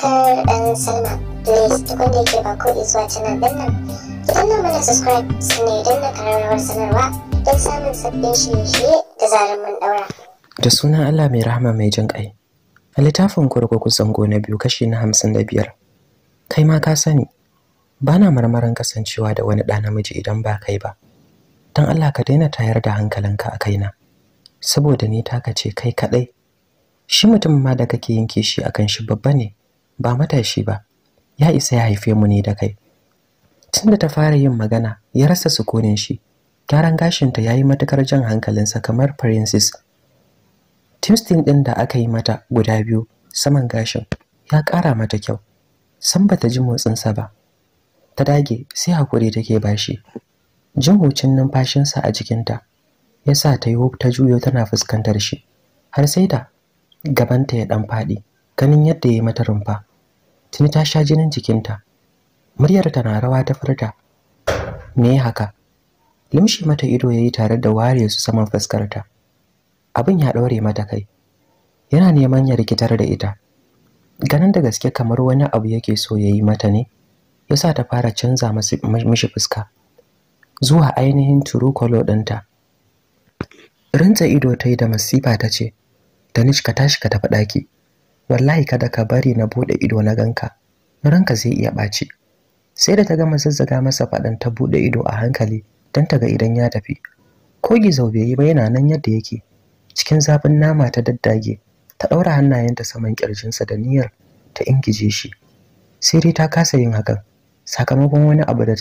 subscribe and sign up. Please da yake subscribe sanarwa don samun da sunan Allah mai rahama mai jin ƙai. A littafin kurkuku zango na biyu kashi na hamsin da biyar. Kai ma ka sani, ba na marmarin kasancewa da wani ɗa namiji idan ba kai ba. Don Allah ka daina tayar da hankalinka a kaina. saboda ni taka ce kai kaɗai. shi mutum ma da kake yin kishi akan shi babba ne ba matashi ba ya isa ya haife mu ne da kai tunda ta fara yin magana ya rasa sukunin shi gyaran gashinta ya yi matukar jan hankalinsa kamar princess timstin ɗin da aka yi mata guda biyu saman gashin ya ƙara mata kyau san bata ji motsinsa ba ta dage sai hakuri take bashi jin hucin numfashinsa a jikinta ya sa ta yi ta juyo tana fuskantar shi har sai da gabanta ya ɗan faɗi ganin yadda ya yi mata rumfa tuni ta sha jinin jikinta muryar ta na rawa ta furta me haka limshi mata ido yayi tare da ware su saman fuskarta abin ya daure mata kai yana neman ya rikitar da ita ganin da gaske kamar wani abu yake so yayi mata ne yasa ta fara canza mishi fuska zuwa ainihin turukolo ɗinta rinta ido ta yi da masifa ta ce tashi ka tafi ɗaki wallahi kada ka bari na bude ido na ganka ranka zai iya ɓaci sai da ta gama zazzaga masa faɗan ta bude ido a hankali don ta ga idan ya tafi ko gizo bai yi ba yana nan yadda yake cikin zafin nama ta daddage ta ɗaura hannayenta saman ƙirjinsa da niyyar ta ingije shi sai dai ta kasa yin hakan sakamakon wani abu da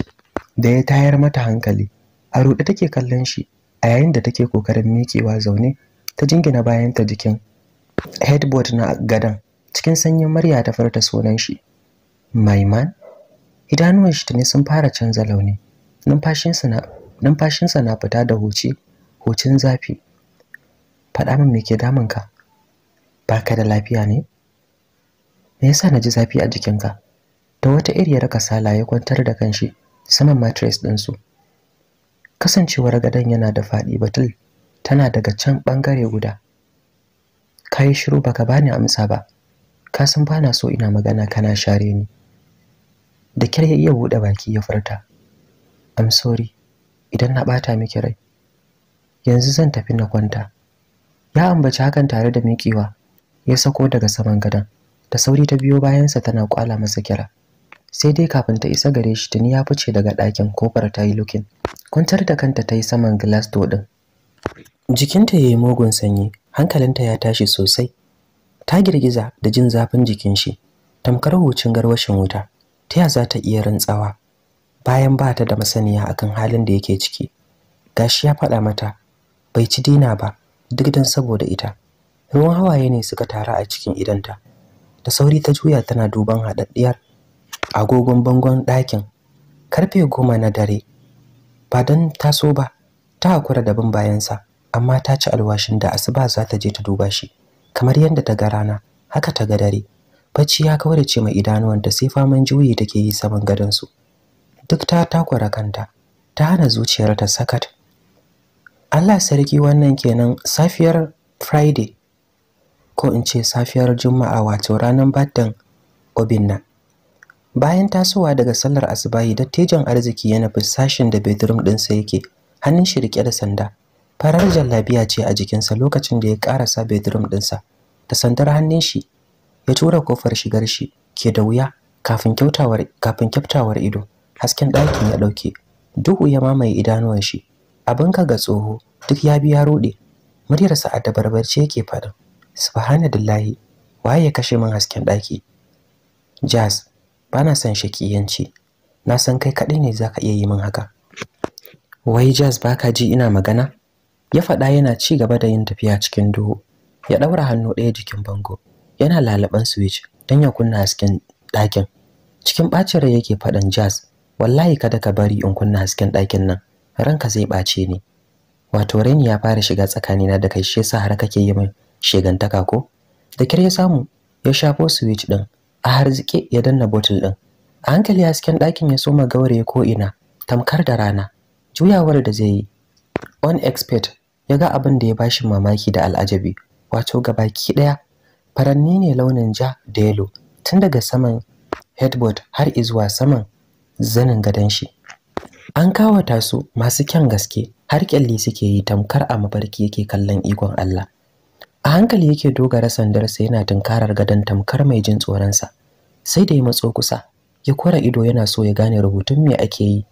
Da ya tayar mata hankali a ruɗe take kallon shi a yayin da take kokarin miƙewa zaune ta jingina bayan ta jikin headboard na gadon cikin sanyin murya ta furta sunan shi maiman idanuwan shi tuni sun fara canza launi numfashinsa na numfashinsa na fita da huce, hucin zafi faɗa min me ke damunka ba ka da lafiya ne me yasa na ji zafi a jikinka da wata raka sala ya kwantar da kanshi saman mattress su. kasancewar gadon yana da faɗi batul tana daga can ɓangare guda ka yi shiru baka bani amsa ba ka san ba na so ina magana kana share ni da kyar ya iya buɗe baki ya furta i'm sorry idan na bata miki rai yanzu zan tafi na kwanta ya ambaci hakan tare da miƙewa ya sako daga saman gadon da sauri ta biyo bayansa tana kwala masa kira sai dai kafin ta isa gare shi tuni ya fice daga ɗakin kofar ta yi lukin kwantar da kanta ta yi saman glass door ɗin jikinta ya yi mugun sanyi hankalinta ya tashi sosai ta girgiza da jin zafin jikin shi tamkar hucin garwashin wuta ta ya za ta iya rantsawa bayan ba ta da masaniya akan halin da yake ciki gashi ya faɗa mata bai ci dina ba duk dan saboda ita ruwan hawaye ne suka taru a cikin idanta da sauri ta juya tana duban haɗaɗɗiyar agogon bangon ɗakin karfe goma na dare ba don taso ba ta hakura da bin bayansa amma ta ci alwashin da asuba za ta je ta duba shi kamar yadda ta ga rana haka ta ga dare bacci ya kawar ce mai idanuwanta sai faman juyi take yi saman gadonsu duk ta takura kanta ta hana zuciyar ta sakat Allah sarki wannan kenan safiyar Friday ko in ce safiyar Juma'a wato ranar baddan Obinna bayan tasowa daga sallar asubahi dattijon arziki yana fi sashin da bedroom ɗinsa yake hannun shi rike da sanda farar jallabiya ce a jikinsa lokacin da ya karasa bedroom ɗinsa da sandar hannun shi ya tura kofar shigar shi ke da wuya kafin kyautawar kyaftawar ido hasken ɗakin ya ɗauke duhu ya mamaye idanuwan shi abin ka ga tsoho duk ya biya ya ruɗe muryarsa a dabarbarce yake faɗin subhanallahi waye ya kashe min hasken ɗaki jazz bana son shakiyanci na san kai kaɗai ne zaka iya yi min haka wai jazz baka ji ina magana ya faɗa yana ci gaba da yin tafiya cikin duhu ya ɗaura hannu ɗaya jikin bango yana lalaban switch don ya kunna hasken ɗakin cikin ɓacin rai yake faɗan jazz wallahi kada ka bari in kunna hasken ɗakin nan ranka zai ɓace ni wato raini ya fara shiga tsakani na da kai shi yasa har kake yi min shegantaka ko da kir ya samu ya shafo switch ɗin a harzike ya danna bottle ɗin a hankali hasken ɗakin ya soma gauraye ko ina tamkar da rana juyawar da zai yi on expert ya ga abin da ya ba shi mamaki da al'ajabi wato gabaki ɗaya faranni ne launin ja da yalo tun daga saman headboard har zuwa saman zanin gadon shi an kawata su masu kyan gaske har kyalli suke yi tamkar a mafarki yake kallon ikon Allah a hankali yake dogara sandarsa yana tunkarar gadon tamkar mai jin tsoron sa, sai da ya matso kusa ya kora ido yana so ya gane rubutun me ake yi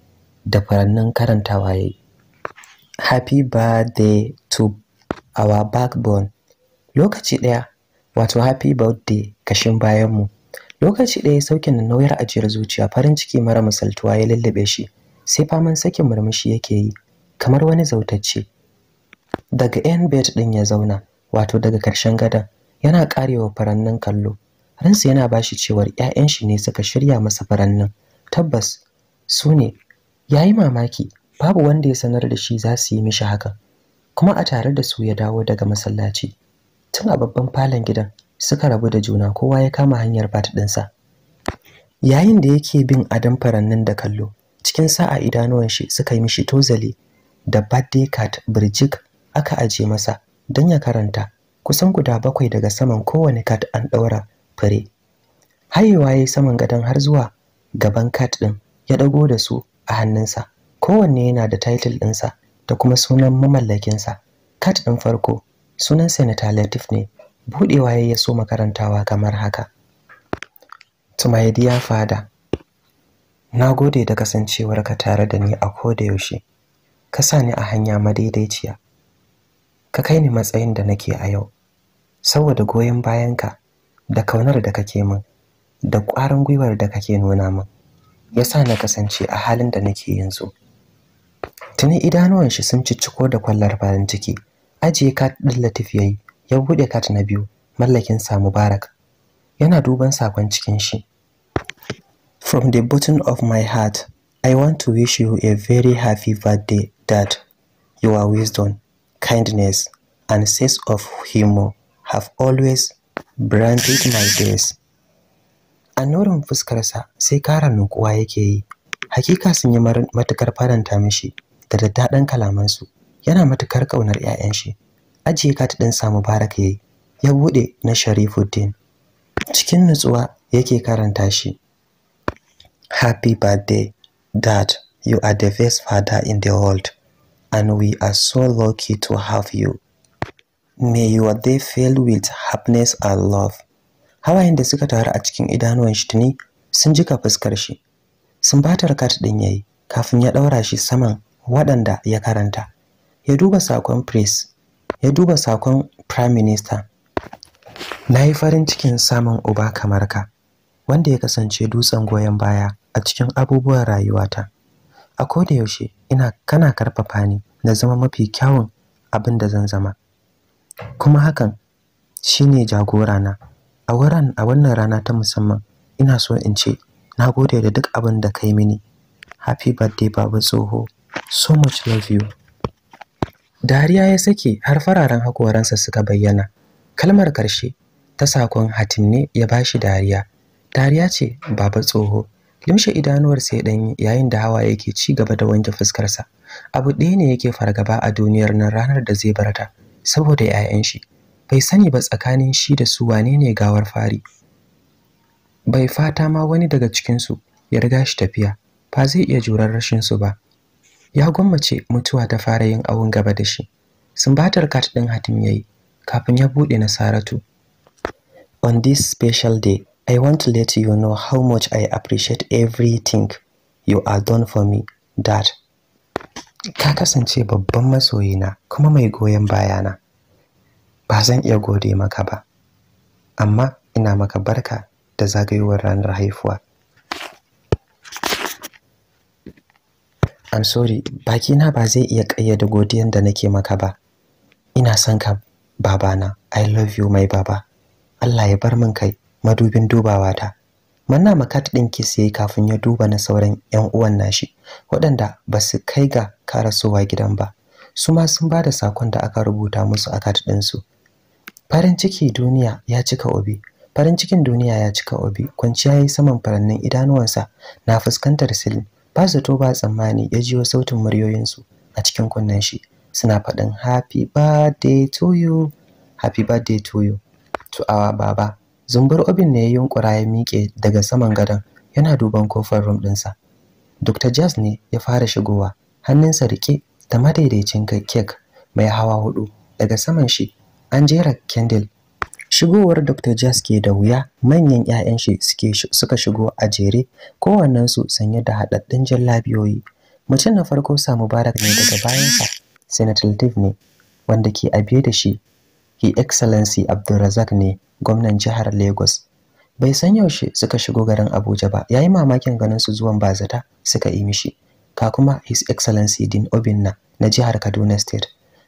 da farannin karantawa yayi Happy Birthday to Our Backbone lokaci ɗaya wato Happy Birthday kashin bayanmu lokaci ɗaya saukin nauyar ajiyar zuciya farin ciki mara misaltuwa ya lullube shi sai faman sakin murmushi yake yi kamar wani zautacce daga yan bet ɗin ya zauna wato daga ƙarshen gadon yana ƙarewa farannin kallo ransa yana bashi cewar 'ya'yan shi ne suka shirya masa farannin tabbas su ne ya yi mamaki babu wanda ya sanar da shi za su yi mishi hakan kuma a tare da su ya dawo daga masallaci tun a babban falon gidan suka rabu da juna kowa ya kama hanyar bat ɗinsa yayin da yake bin adon farannin da kallo cikin sa'a idanuwan shi suka yi mishi tozali da birthday card birjik aka aje masa don ya karanta kusan guda bakwai daga saman kowane kat an ɗaura fure hayewa ya yi saman gadon har zuwa gaban kat ɗin ya ɗago da su a hannunsa kowanne yana da title ɗinsa da kuma sunan mamallakinsa kat ɗin farko sunan senator latif ne buɗewa ya so makarantawa kamar haka to my dear father na gode da kasancewar ka tare da ni a ko da yaushe ka sa ni a hanya madaidaiciya ka kai ni matsayin da nake a yau saboda goyon bayanka da kaunar da kake min da ƙwarin gwiwar da kake nuna min Ya sa na kasance a halin da nake yanzu tuni idanuwan shi sun cicciko da kwallar farin ciki ajiye kat din latif yayi ya bude kat na biyu mallakin sa mubarak yana duban sakon cikin shi from the bottom of my heart i want to wish you a very happy birthday dad your wisdom kindness and sense of humor have always branded my days a nurin fuskarsa sai kara nukuwa yake yi hakika sun yi matukar faranta mishi da daddaɗan kalamansu yana matukar ƙaunar 'ya'yan shi ajiye kati ɗin samu baraka yayi ya buɗe na sharifuddin cikin nutsuwa yake karanta shi happy birthday dad you are the best father in the world and we are so lucky to have you may your day fill with happiness and love hawayen da suka taru a cikin idanuwan shi tuni sun jika fuskar shi sumbatar kat din yayi kafin ya ɗaura shi saman waɗanda ya karanta ya duba sakon press ya duba sakon prime minister na yi farin cikin samun uba kamar ka wanda ya kasance dutsen goyon baya a cikin abubuwan rayuwata a koda yaushe ina kana karfafa ni da zama mafi kyawun abin da zan zama kuma hakan shine jagora a wuran a wannan rana ta musamman ina so in ce na gode da duk abin da kai mini happy birthday baba tsoho so much love you dariya ya sake har fararen hakoransa suka bayyana kalmar karshe ta sakon hatinne ya bashi dariya dariya ce baba tsoho limshe idanuwar sai dan yayin da hawa yake ci gaba da wanke fuskarsa abu ɗaya ne yake fargaba a duniyar nan ranar da zai barta saboda 'ya'yan shi bai sani ba tsakanin shi da su wane ne gawar fari bai fata ma wani daga cikinsu ya riga shi tafiya ba zai iya jurar rashin su ba ya gwammace mutuwa ta fara yin awon gaba da shi sumbatar kat din hatim yayi kafin ya buɗe na saratu on this special day i want to let you know how much i appreciate everything you are done for me dad ka kasance babban masoyina kuma mai goyon bayana ba zan iya gode maka ba amma ina maka barka da zagayowar ranar haifuwa. I'm sorry baki na ba zai iya da godiyan da nake maka ba ina son ka babana I love you my baba Allah ya bar min kai madubin dubawa ta manna makat ɗin ki sai kafin ya duba na sauran 'yan uwan nashi waɗanda ba su kai ga karasowa gidan ba su ma sun ba da sakon da aka rubuta musu a kat ɗinsu. farin ciki duniya ya cika obi farin cikin duniya ya cika obi kwanciya yayi saman farannin idanuwansa na fuskantar silin ba zato ba tsammani ya jiyo sautin muryoyinsu a cikin kunnen shi suna faɗin happy birthday to you happy birthday to you to our baba zumbur obin ne ya yunkura ya miƙe daga saman gadon yana duban kofar rum ɗinsa dr jazz ne ya fara shigowa hannunsa rike da madaidaicin kek mai hawa hudu daga saman shi an jera candle shigowar dr jaske da wuya manyan 'ya'yan shi suka shigo a jere su sanye da haɗaɗɗun jallabiyoyi mutum na farko sa mubarak ne daga bayansa senator Dave ne wanda ke a biye da shi His Excellency Abdulrazak ne gwamnan jihar Lagos. Bai san yaushe suka shigo garin Abuja ba, yayi mamakin ganin su zuwan bazata suka yi mishi. Ka kuma His Excellency Din Obinna na jihar Kaduna State.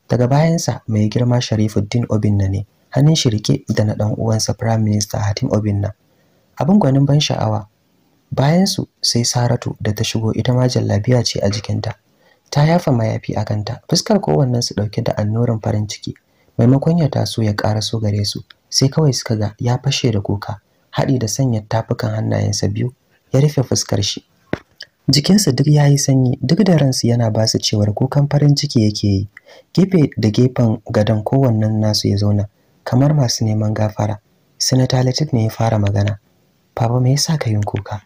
Daga bayansa mai girma Sharifuddin Obinna ne hannun shi rike da na dan uwansa prime minister Hatim Obinna abin gwanin ban sha'awa bayan su sai Saratu da ta shigo ita ma jallabiya ce a jikinta ta yafa mayafi a kanta fuskar kowannen su dauke da annoran farin ciki maimakon ya taso ya ƙara so gare su sai kawai suka ga ya fashe da kuka haɗi da sanya tafukan hannayensa biyu ya rufe fuskar shi jikinsa duk yayi sanyi duk da ransu yana ba su cewar kukan farin ciki yake yi gefe da gefen gadon kowannen nasu ya zauna kamar masu neman gafara sanata latif ne ya fara magana baba me yasa ka yin kuka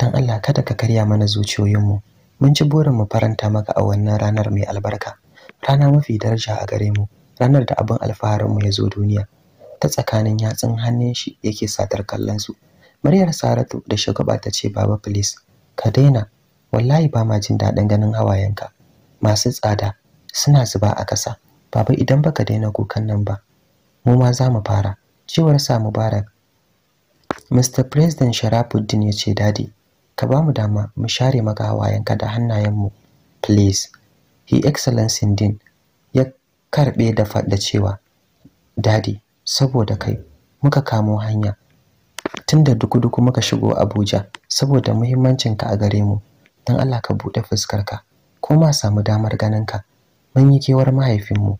dan Allah kada ka karya mana zuciyoyinmu mun ci burin mu faranta maka a wannan ranar mai albarka rana mafi daraja a gare mu ranar da abin alfaharin mu ya zo duniya ta tsakanin yatsun hannun shi yake satar kallon su Maryar Saratu da shugaba ta ce baba please ka daina wallahi ba ma jin daɗin ganin hawayenka masu tsada suna zuba a ƙasa baba idan baka daina kukan nan ba mu ma za mu fara cewar sa mubarak mr president sharafuddin ya ce dadi ka ba mu dama mu share maka hawayenka da hannayenmu please he excellence din ya karbe da fada cewa dadi saboda kai muka kamo hanya tunda duku-duku muka shigo abuja saboda muhimmancinka a gare mu don allah ka buɗe fuskarka ko ma samu damar ganinka mun yi kewar mahaifinmu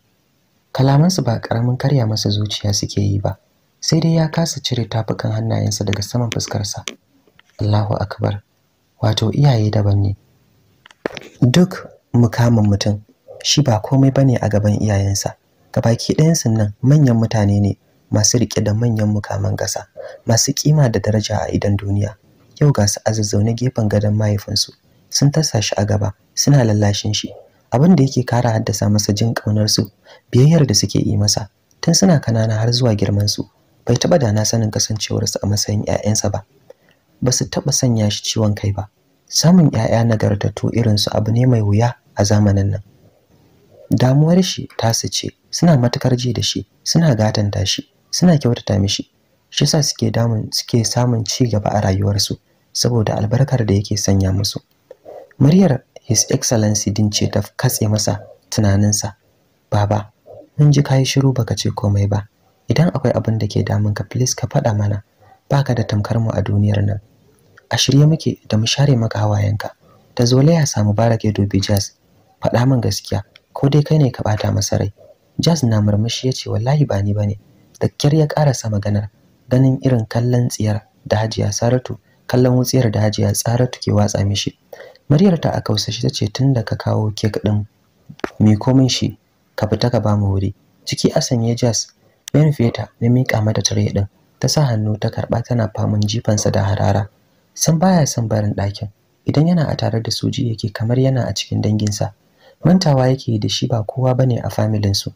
kalamansu ba karamin karya masa zuciya suke yi ba sai dai ya kasa cire tafukan hannayensa daga saman fuskarsa Allahu akbar wato iyaye daban ne duk mukamin mutum shi ba komai bane a gaban iyayensa gabaki ɗayansu nan manyan mutane ne masu riƙe da manyan mukaman ƙasa masu kima da daraja a idan duniya yau ga su azazzaune gefen gadon mahaifinsu sun tasa shi a gaba suna lallashin shi abin da yake kara haddasa masa jin kaunar su biyayyar da suke yi masa tun suna kanana har zuwa girman su bai taba dana sanin kasancewar su a matsayin ƴaƴansa ba ba su taba sanya shi ciwon kai ba samun ƴaƴa nagartattu irin su abu ne mai wuya a zamanin nan damuwar shi ta ce suna matukar ji da shi suna gatanta shi suna kyautata mishi shi sa suke damun suke samun ci gaba a rayuwarsu saboda albarkar da yake sanya musu muryar His Excellency din ce ta katse masa tunaninsa. Baba, mun ji kayi shiru baka ce komai ba. Idan akwai abin da ke damun ka please ka faɗa mana. Baka da tamkar mu a duniyar nan. A shirye muke da mu share maka hawayenka. Da zole ya samu Barak ya Jazz. Faɗa min gaskiya, ko dai kai ne ka bata masa rai. Jazz na murmushi ya ce wallahi ba ni bane. Da kyar ya karasa maganar, ganin irin kallon tsiyar da Hajiya Saratu, kallon wutsiyar da Hajiya Saratu ke watsa mishi. muryar ta a kausashi ta ce tun da ka kawo kek ɗin mai komin shi ka fita ka bamu wuri ciki asan ya jas ben feta, ta ya miƙa mata tare ɗin ta sa hannu ta karɓa tana faman jifansa da harara san baya son barin ɗakin idan yana a tare da suji yake kamar yana a cikin danginsa mantawa yake da shi ba kowa ba ne a familinsu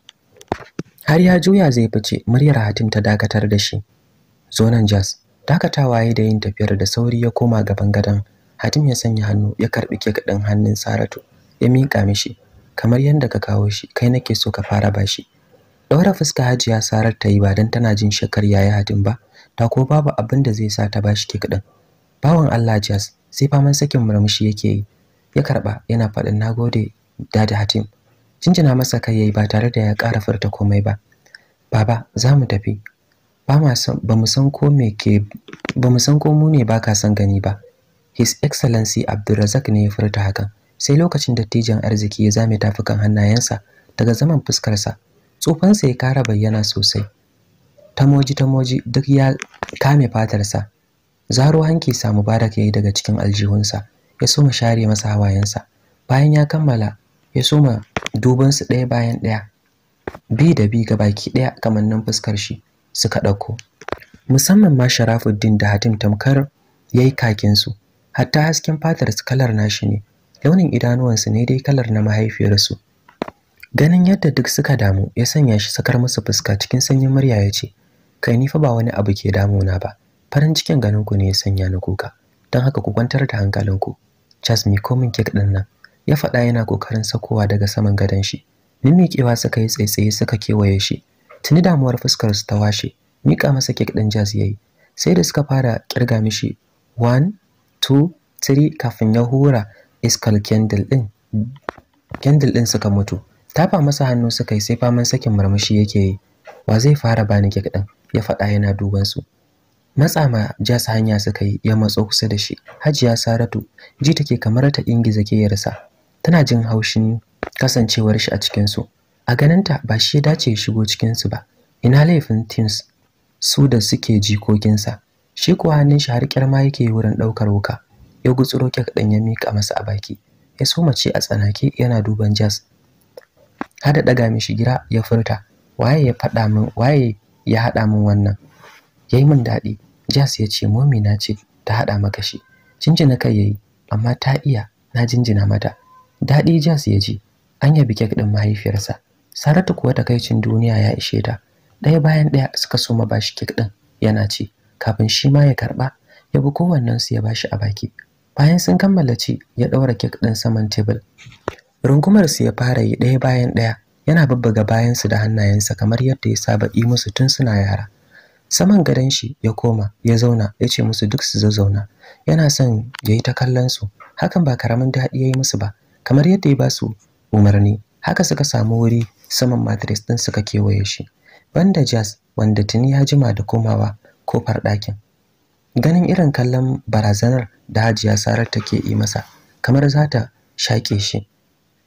har ya juya zai fice muryar hatim ta dakatar da shi zonan jas dakatawa ya da yin tafiyar da sauri ya koma gaban gadon Hatim ya sanya hannu ya karbi kek din hannun Saratu ya mika mishi kamar yadda ka kawo shi kai nake so ka fara bashi Daura fuska Hajiya Sarar ta yi ba dan tana jin shakar yaya Hatim ba ta ko babu abin da zai sa ta bashi kek din Bawan Allah Jas sai faman sakin murmushi yake yi ya karba yana faɗin nagode da Hatim jinjina masa kai yayi ba tare da ya ƙara furta komai ba baba za mu tafi ba mu san ko me ke ba mu san ko mu ne baka san gani ba His Excellency Abdulrazak ne ya furta hakan. Sai lokacin dattijan arziki ya zame tafukan hannayensa daga zaman fuskarsa. tsofansa ya kara bayyana sosai. Tamoji tamoji duk ya kame fatarsa. Zaro hanki sa Mubarak ya yi daga cikin aljihunsa. Ya soma share masa hawayensa. Bayan ya kammala, ya soma dubansu ɗaya bayan ɗaya. Bi da bi ga baki ɗaya kamar nan fuskar shi suka ɗauko. Musamman ma Sharafuddin da Hatim tamkar yayi yi kakinsu. hatta hasken su kalar nashi ne launin idanuwansu ne dai kalar na mahaifiyarsu ganin yadda duk suka damu ya sanya shi sakar musu fuska cikin sanyin murya ya ce kai ni fa ba wani abu ke damuna ba farin cikin ganin ku ne ya sanya ni kuka don haka ku kwantar da hankalinku chas mi komin kek din nan ya faɗa yana kokarin sakowa daga saman gadon shi ni mimmiƙewa suka yi tsaitsaye suka kewaye shi tuni damuwar fuskar su ta washe mika masa kek din Jazz yayi sai da suka fara kirga mishi 1 su tiri kafin ya hura iskar kendil ɗin kendil ɗin suka mutu tafa masa hannu suka yi sai faman sakin murmushi yake yi wa zai fara bani kek ɗin ya faɗa yana duban su matsa ma jas hanya suka yi ya matso kusa da shi hajiya saratu ji take kamar ta ingiza ke yarsa. tana jin haushin kasancewar shi a cikin su a ganinta ba shi ya dace ya shigo su ba ina laifin teams su da suke jikokinsa shi kuwa hannun shi har kyarma yake wurin ɗaukar wuka ya gutsuro kek ɗin ya mika masa a baki ya soma ce a tsanake yana duban jazz har da ɗaga mishi gira ya furta waye ya fada min waye ya haɗa min wannan yayi min daɗi jazz ya ce momi na ce ta haɗa maka shi jinjina kai yayi amma ta iya na jinjina mata daɗi jazz ya ji an yabi kek ɗin mahaifiyarsa saratu kuwa takaicin duniya ya ishe ta ɗaya bayan ɗaya suka soma bashi kek ɗin yana ce. kafin shi ma ya karba ya bi su ya bashi a baki bayan sun kammala ci ya ɗaura kek ɗin saman tebul rungumarsu ya fara yi ɗaya bayan ɗaya yana babbaga bayansu da hannayensa kamar yadda ya saba yi musu tun suna yara saman gadon shi ya koma ya zauna ya ce musu duk su zazzauna yana son ya yi ta kallon su hakan ba karamin daɗi ya yi musu ba kamar yadda ya ba su umarni haka suka samu wuri saman matris ɗin suka kewaye shi banda jazz wanda tuni ya jima da komawa kofar ɗakin ganin irin kallon barazanar da hajiya sarar take yi masa kamar za ta shaƙe shi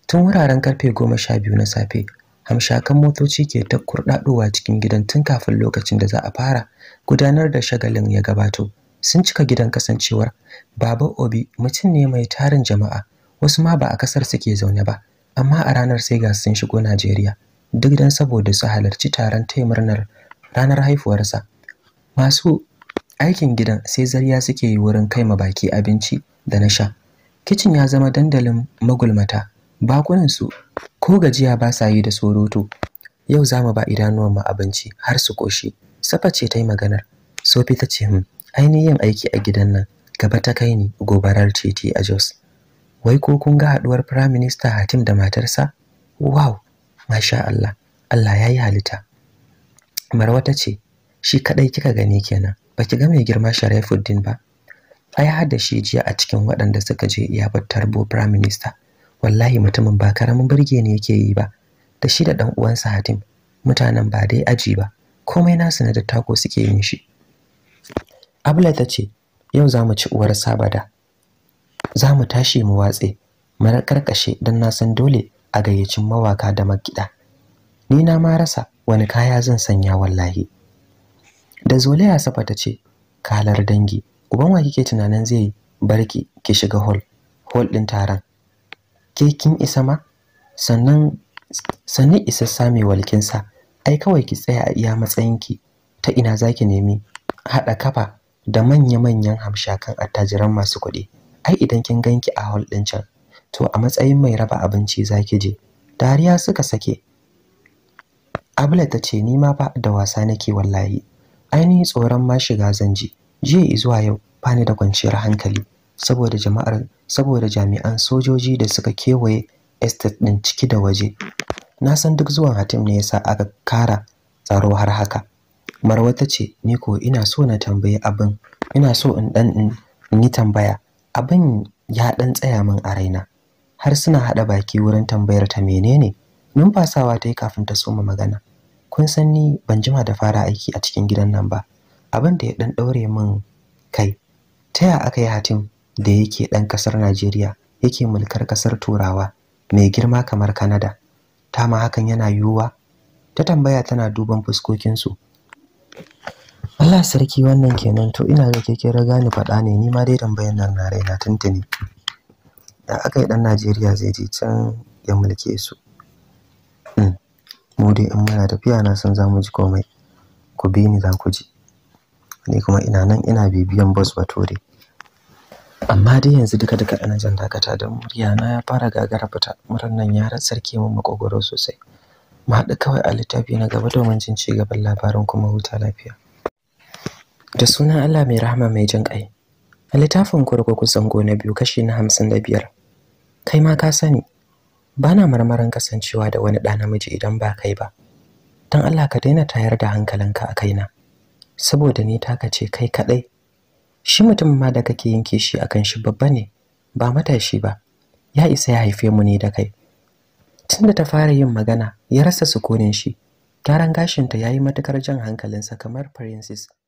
tun wuraren karfe goma sha biyu na safe hamshakan motoci ke ta kurɗaɗowa cikin gidan tun kafin lokacin da za a fara gudanar da shagalin ya gabato sun cika gidan kasancewar baba obi mutum ne mai tarin jama'a wasu ma ba a kasar suke zaune ba amma a ranar sai ga sun shigo najeriya duk don saboda su halarci taron taimurnar ranar haifuwarsa masu aikin gidan sai zarya suke yi wurin kai ma baki abinci da na sha kicin ya zama dandalin magulmata bakunansu ko gajiya ba sa yi da soroto yau za mu ba idanuwan mu abinci har su koshi safa ce ta yi maganar sofi ta ce hmm, ainihin aiki a gidan nan gaba ta kai ni gobarar titi a jos wai ko kun ga haduwar prime minister hatim da matarsa wow masha allah allah ya yi halitta marwa ce shi kadai kika gani kenan baki ga mai girma Sharifuddin ba ai har da shi jiya a cikin waɗanda suka je iyabar tarbo prime minister wallahi mutumin ba karamin burge ne yake yi ba da shi da dan uwansa Hatim mutanen ba dai aji ba komai nasu na da tako suke yin shi Abla ta ce yau za mu ci uwar sabada za mu tashi mu watse mara karkashe don na san dole a gayyacin mawaka da magida ni na ma rasa wani kaya zan sanya wallahi da ya safa ta ce kalar dangi uban wa kike tunanin zai barki ki shiga hall hall din taron ke kin isa ma sannan sannan isassa mai walkinsa ai kawai ki tsaya a iya matsayinki ta ina zaki nemi haɗa kafa da manya-manyan hamshakan attajiran masu kuɗi ai idan kin ganki a hall ɗin can to a matsayin mai raba abinci zaki je dariya suka sake abla ta ce ni ma ba da wasa nake wallahi ainihin tsoron ma shiga zanji jiya izuwa yau bani da kwanciyar hankali saboda jama'ar saboda jami'an sojoji da suka kewaye estate din ciki da waje na san duk zuwan hatim ne yasa aka kara tsaro har haka marwa ta ce ni ko ina so na tambayi abin ina so in dan in yi tambaya abin ya dan tsaya min a raina har suna hada baki wurin tambayar ta menene numfasawa ta yi kafin ta soma magana kun san ni ban jima da fara aiki a cikin gidan nan ba abin da ya dan daure min kai ta ya aka yi hatim da yake dan kasar Najeriya yake mulkar kasar Turawa mai girma kamar Canada ta ma hakan yana yiwuwa ta tambaya tana duban fuskokin su Allah sarki wannan kenan to ina da keke raga ni faɗa ne ni ma dai tambayar nan na raina tuntuni da aka yi dan Najeriya zai je can ya mulke su mu dai in muna tafiya na san za mu ji komai ku bi ni za ku ji ni kuma ina nan ina bibiyan bus bature amma dai yanzu duka duka ina jan dakata da murya na ya fara gagara fita muran nan ya ke min makogoro sosai mu haɗu kawai a littafi na gaba domin jin ci gaban labarin kuma huta lafiya da sunan Allah mai rahama mai jin ƙai a littafin kurkuku zango na biyu kashi na hamsin da biyar kai ma ka sani bana na marmarin kasancewa da wani ɗa namiji idan ba kai ba don Allah ka daina tayar da hankalinka a kaina saboda ni taka ce kai kaɗai shi mutum ma da kake yanke shi akan shi babba ne ba matashi ba ya isa ya haife mu ne da kai tunda ta fara yin magana ya rasa sukunin shi gyaran gashinta ya yi matukar jan hankalinsa kamar princess